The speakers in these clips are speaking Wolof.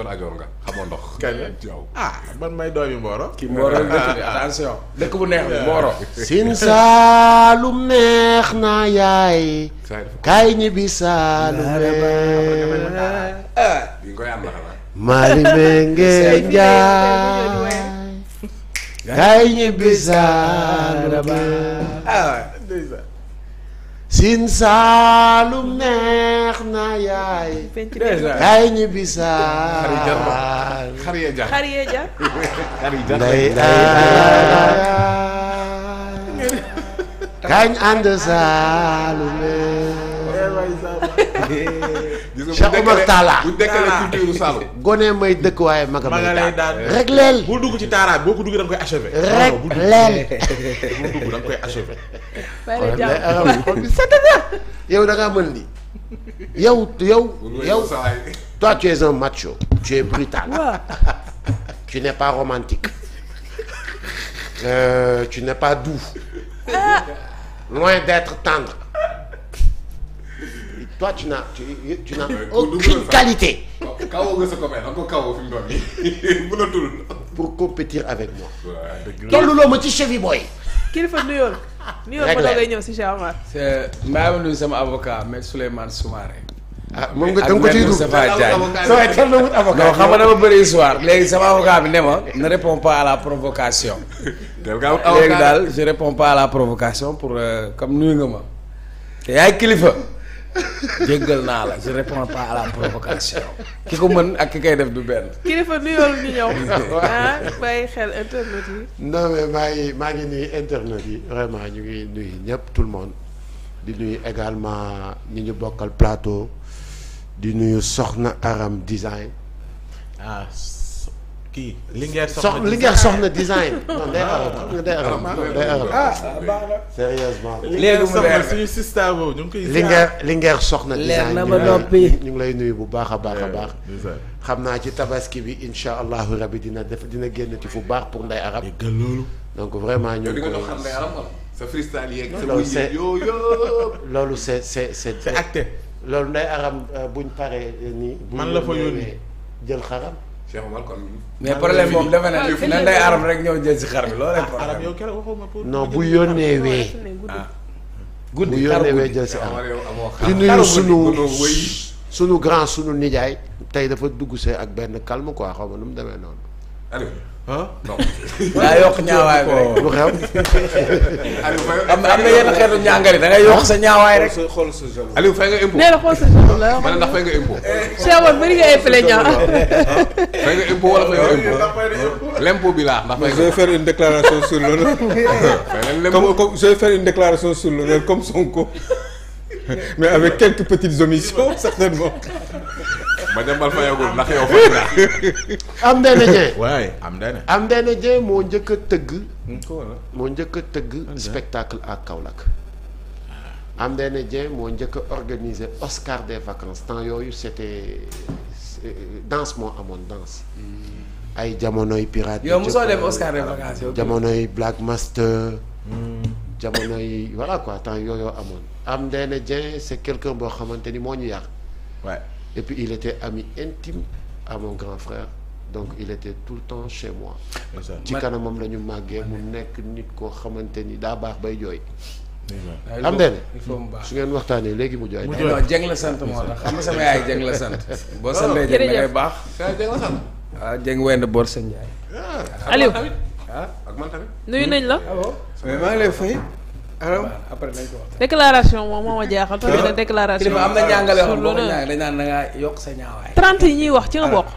yoon avion ndox. kañ la ah man may bu neex bi Siin Saalum neex na yaay. kaay ñibbi Saalum neex. Ah. bi nga Njaay. kaay ñibbi Saalum Sine Saalum neex na yaay. ay ñi bisaal. xar ya jar xar ya jar. nday ay kañ ànd Saalum Cheikh Omar Talla gone may dëkk waaye maga lay daan rek leel bul dugg ci taaraay boo ko duggee da nga koy achevé. rek leel bul dugg da nga koy achevé. Euh, yow da mën lii yow yow yow toi tu es un macho. tu es brutal. tu n'es pas romantique. Euh, tu n'es pas doux. Ah. loin d'être tendre. toi tu n'as tu tu n'as aucune qualité. kawoo nga sa copain da nga ko ci cheville booy. kilifa nuyoo nuyoo ma doogay ñëw si Cheikh Omar. mbaa ma nuyu sama avocat maître Souleymane Soumaré. Ah, moom nga dama bëri histoire léegi sama avocat bi ne ma. ne réponds pas à la provocation. léegi daal je réponds pas à la provocation pour euh, comme nuyu nga ma. te yaay kilifa. jéggal naa la je réponds pas la provocation ki ko mën ak ki koy def du benn. ki dafa nuyool ñu ñëw. ah xel internet yi. non mais maa ngi maa ngi internet yi vraiment ñu ngi nuyu ñëpp tout le monde di nuyu également ñi ñu bokkal plateau di nuyu Soxna Aram Design. ah. kii Linguère soxna design Linguère soxna design. non day ah, aral ah, day aral ah, day soxna design. leer ñu ngi lay nuyu bu baax a baax a eh, baax. xam naa ci tabaski bi incha allahu bi dina def dina génn ci fu baax pour nday arab. dégg loolu. donc vraiment ñu ngi ko. xam nday arab loolu c'est c'est c'est loolu nday arab euh, buñ paree nii. man jël xaram. Cheikh Omar kon. mais problème moom dafa ne ah, nan day aram rek ñëw jël si xar bi loolu ah, bu yónnee wee. Ah. guddi bu yónnee wee jël si aram di nuyu sunu sunu grand sunu nijaay. tey dafa dugg see ak benn calme quoi xaw nu mu demee noonu. ah non. daa yokk ñaawaay bi rek am na yenn xeetu ñaangari da yokk sa ñaawaay rek. xool sa jamono Aliou fay nga impôt. nee na xool sa jamono ma ndax fay nga impôt. Cheikh bëri une déclaration sur l'honneur. comme comme je mais avec quelques petites omissions certainement. ma jambal fayagul ndax yow fay na. am Ndéné am Ndéné. am moo njëkk a tëgg. Ah. moo njëkk a tëgg spectacle ak Kaolack. am Ndéné Dieng moo njëkk a organiser Oscar des vacances temps yooyu c'était danse moo amoon danse. Hmm. ay jamonoy pirate. yow mosoo dem Oscar jamonoy Black Master. Hmm. jamono yi voilà temps yooyu amoon am Ndéné Dieng c'est quelqu'un boo xamante ni moo ñu yàq. et puis il était ami intime à mon grand frère donc il était tout le temps chez moi ci kanamam la ñu màggee mu nekk nit koo xamante ni daa baax bay jooy am deen su ngeen waxtaanee léegi mu jooy jeng la sant moo tax xam sama yaay jeng la sant boo santee jeng la ngay baax jeng la sant waaw ah, jeng wenn boor sa njaay ah. ah, ak man tamit nuyu nañ la alors après nañ ko wax. déclaration moom moo ma jaaxal. tamit na déclaration kilifa am na ñaangale wax boo ko ñaange dañ yokk sa ñaawaay. 30 yi ñuy wax ci nga bokk.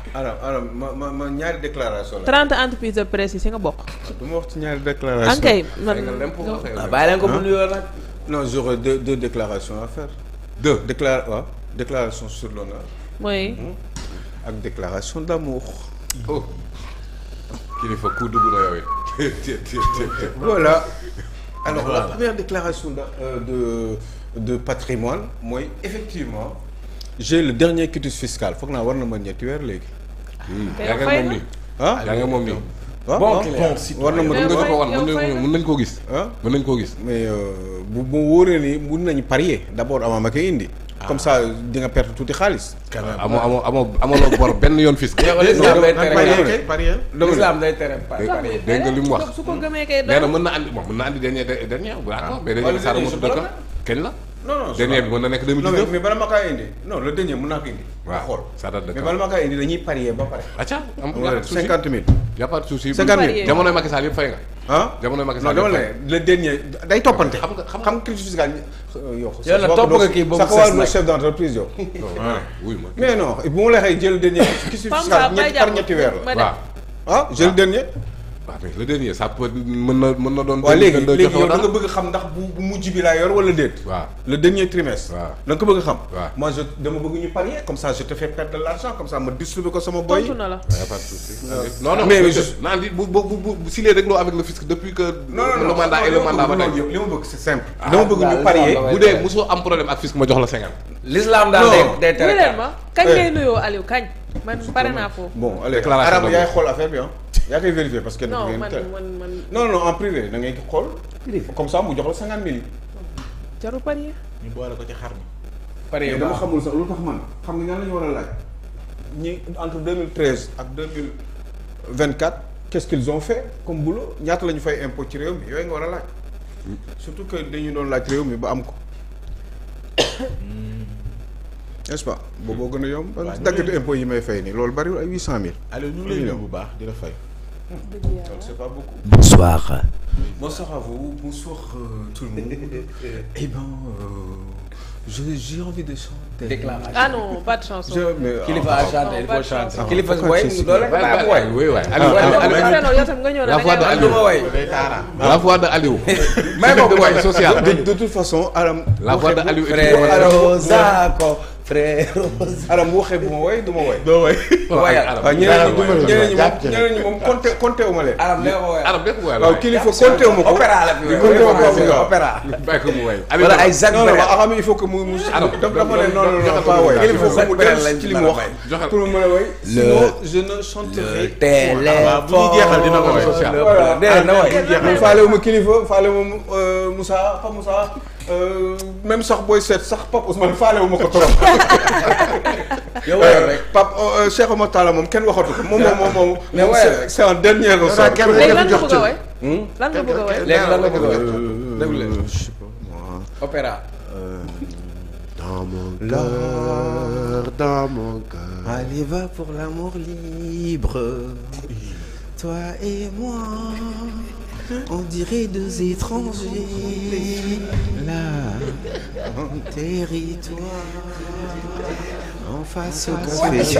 ma ñaari déclaration la. 30 entreprises de presse yi si nga bokk. du ma wax ci ñaari déclaration. ankay man waaw ah, bàyyi leen ko mu nuyoo nag. non j'aurais deux deux déclarations à faire. deux décla waaw déclaration sur mooy. ak déclaration d'amour. Oh. kilifa ku dugg na yow it. voilà. alors voilà. la première déclaration de euh, de, de patrimoine mooy effectivement j'ai le dernier quitus fiscal foog naa war na ma ñetti weer léegi. Hmm. yaa nga moom mi ah yaa nga moom mi ah, bon ah. war na nañ koo gis. Ah? mën nañ koo gis. mais euh, bu bu wóoree ni mun nañu parier d'abord avant ma koy indi. Ah. comme ça di nga perte tuuti xaalis. carrément amoo amoo amoo amaloo bor benn yoon fisc. l'islam day tere parier l'islam day tere parier dégg nga mu wax. su ko gëmee kay nee na mën na andi bon mën na andi dernier dernier bu ah, d'accord ah. mais dañu saara mosu dëkk la non non dernier bi mën na nekk 2019 mais bala ma kaa indi non le naa ko indi. waaw xool ça date de bala ma kaa indi dañuy parier ba pare. acca am na suuf si 50 000. y' a pas de souci. topp nga kii boobu sax chef d' entreprise yow. wuy ma mais dernier waaw mais le dernier ça peut mën na mën na doon. waaw léegi léegi yow da bëgg xam ndax bu bu mujj bi laa yor wala déet. waaw le dernier trimestre. waaw da nga ko bëgg xam. waaw moi je dama bëgg ñu parier comme ça je te fais perdre de l' comme ça ma distribué ko sama boy. tontu na la non non mais juste naan di bu bu bu si les réglo avec le fisc depuis que. non non le mandat et le mandat li ma bëgg c' est simple. Ah, dama bëgg ñu parier bu dee mosoo am problème ak fisc ma jox la l' yaa koy vérifier parce que. non man man non non en privé da ngay xool. privé comme ça mu jox la cinquante mille. jarul parier. ñu boole ko ci xar mi. parier dama xamul sax lu tax man xam nga ñaan la ñu war a laaj. ñi entre deux mille treize ak deux mille vingt quatre qu'est-ce qu'ils ont fait comme boulot ñaata la ñu fay impôt ci réew mi yooyu nga war a laaj. surtout que dañu doon laaj réew mi ba am ko. Hmm. n'est-ce pas. boobu boo gën a yomb. waaw daggatu impôt yi may fay nii loolu bariwul ay huit cent mille. Aliou ñu ngi lay bu baax di la fay. Donc c'est pas beaucoup. Bonsoir. Bonsoir à vous, bonsoir euh, tout le monde. eh ben, euh, j'ai envie de chanter. Déclaration. Ah non, pas de chanson. Je, mais, Qu'il va chanter, il faut chanter. Qu'il va way, doole ba way, way way. Aliou way. La voix de Aliou. La voix de Aliou. Même way social. De toute façon, la voix de Aliou. Frère Zako. frère. aram bu waxee bu ma woy du ma woy. doo woy waaw ñeneen ñi ñeneen ñi moom compté compté wu ma leen. aram de ko woy aram de ko woy waaw kilifa compté wu ma ko. opéra la fi woy opéra. bàyyi ko mu woy. wala ay Zak Brel ne noonu la pas woy. il faut que mu dellu ci a woy. sinon ah, dina ko woy. voilà faale wu kilifa faale wu ma euh, Moussa Euh, même sax booy seet sax Pape Ousmane faale wu ma ko trop. yow wayal rek Pape euh, euh, Cheikh Omar Talla moom kenn waxatu ko moom moom moom. mais wayal rek c'est un dernier ressort. Hmm? léegi lan nga bëgg a woy lan nga bëgg a woy léegi lan nga bëgg a woy déglu leen opéra. Dans mon cœur, dans mon cœur. Allez, va pour l'amour libre, toi et moi. on dirait deux étrangers. Là, en territoire, en face au café.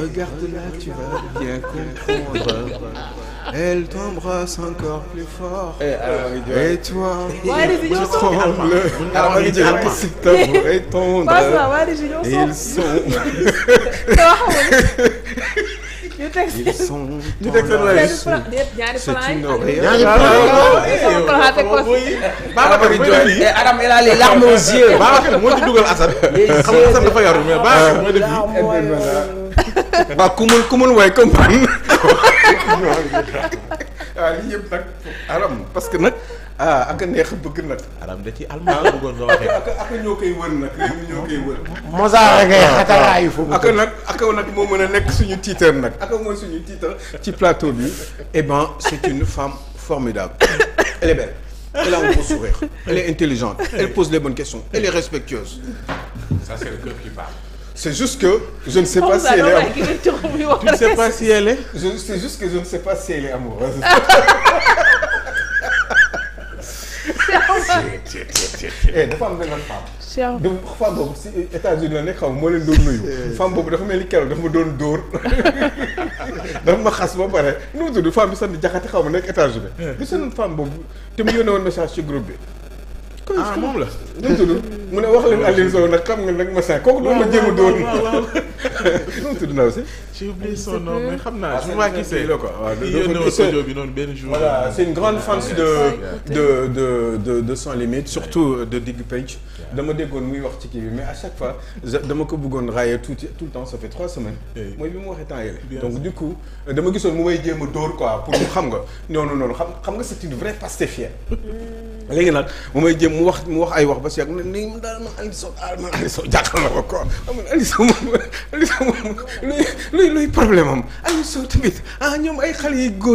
Regarde-la, tu vas bien comprendre. Elle t'embrasse encore plus fort. Eh, et toi, tu trembles. Alors, il dirait ah, que c'est tendre et tendre. Ils sont. ñu teg seen ñu teg seen réussite ñaari plan yi ñaari plan yi. Babacar jooy Adam il a les larmes aux yeux. Babacar moo ci dugal Assane. xam nga Assane dafa yaru mais Babacar moo def lii. waaw kumul kumul way comme man. waaw yëpp nag aram parce que um nag. ah ak neex bëgg nag. alam da ci almaa bëggoon nga waxee. ñoo koy wër nag ñoo koy wër. mosaare ngay xataraayu foofu. ak nag nag moo mën a nekk suñu tiitar nag ak mooy suñu tiitar ci plateau bi. eh ben c'est une femme formidable. elle est belle. elle a un beau sourire. elle est intelligente. elle pose les bonnes questions. elle est respectueuse. c'est juste que je ne sais pas si elle est. tu amoureuse. Eh, dafa am benn femme. de femme boobu si États-Unis la nekk xaw ma moo leen doon nuyu. Eh. femme boobu dafa mel ni keroog dafa ma doon dóor. dafa ma xas ba pare nu mu tudd femme bi sant jaxate xaw ma nekk États-Unis. Eh. gis nañu femme boobu te mu yónnee woon message ci groupe bi. ah moom la nu mu tudd. mu ne wax leen Aliou Sow nag xam nga nag Massa kooku doon la jéem a doon. waaw naa aussi. j'ai oublié gisee. la quoi waaw doo studio bi noonu benn jour. voilà c'est une grande fan de de de de de Sans Limites surtout euh, de Digg Penc. dama déggoon muy wax ci kii bi mais à chaque fois dama ko bëggoon railler tout tout le temps ça fait trois semaines. mooy bi mu waxee temps yële. donc du coup dama gisoon mu may jéem a dóor quoi pour mu xam nga noonu noonu xam xam nga c'est une vraie pastéfière. léegi nag mu may mu wax mu wax ay wax ba si man daal man Aliou Sow ah man Aliou Sow jàkkal na ko quoi man Aliou ah, ñoom ay xale